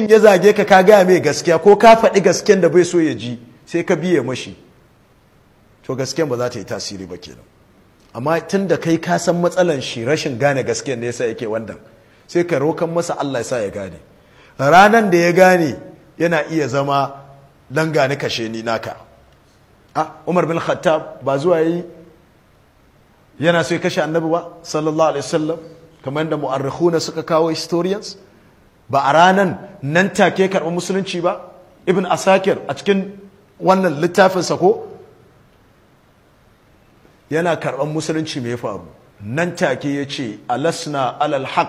mutum ya zage ka ka gaya mai gaskiya ko ka faɗi gasken da bai so ya ji sai ka biye mashi to gasken ba za ta yi tasiri ba kenan amma tun da kai ka san matsalan shi rashin gane gasken ne yasa yake wannan sai ka rokan masa Allah ya sa ya gane ranan da ya gane yana iya zama dan gane kashe ni naka a ah, Umar bin Khattab ba zuwa yi yana so ya kashe annabi ba sallallahu alaihi wasallam kamar da na suka kawo historians ba a ranan nan take karɓi musulunci ba ibn asakir a cikin wannan littafinsa ko yana karɓar musulunci mai faru nan take ya ce alasna alal haq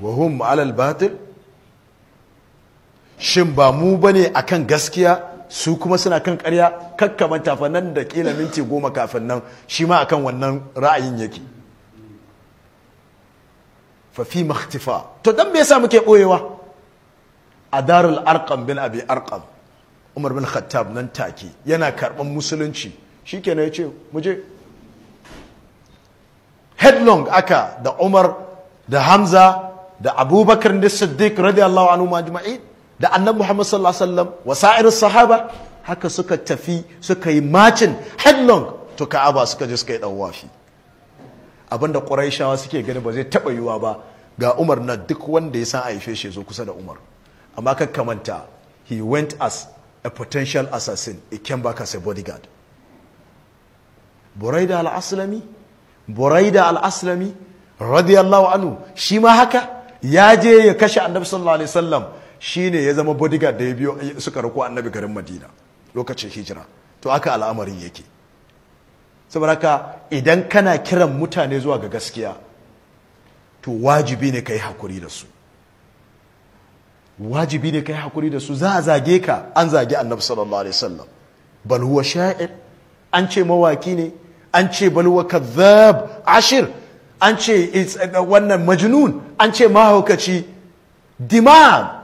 wa hum alal batil shin ba mu bane akan gaskiya su kuma suna kan karya Kakka matafa nan da kila minti goma kafin nan shi ma akan wannan ra'ayin yake fafi maktifa makhtifa to dan me yasa muke boyewa a darul arqam bin abi arqam umar bin khattab nan take yana karban musulunci shikenan yace muje je headlong aka da umar da hamza da abubakar da siddiq radiyallahu anhu majma'in da annabi muhammad sallallahu alaihi wasallam wasa'ir sahaba haka suka tafi suka yi macin headlong to ka'aba suka je suka yi dawafi abinda shawa suke gani ba zai taɓa yiwuwa ba ga umar na duk wanda ya san aife shi zo kusa da umar amma ka manta he went as a potential assassin a came back as a bodyguard buraida al-aslami buraida al-aslami radiyallahu anhu shi ma haka ya je ya kashe annabi sallallahu alaihi wasallam shine ya zama bodyguard da ya biyo suka rako annabi garin madina lokacin hijira to aka al'amarin yake saboda haka idan kana kiran mutane zuwa ga gaskiya to wajibi ne ka yi hakuri da su wajibi ne ka yi hakuri da su za a zage ka an zage annabi sallallahu alaihi wasallam bal huwa sha'ir an ce mawaki ne an ce bal huwa kadhab ashir an ce wannan majnun an ce mahaukaci dimam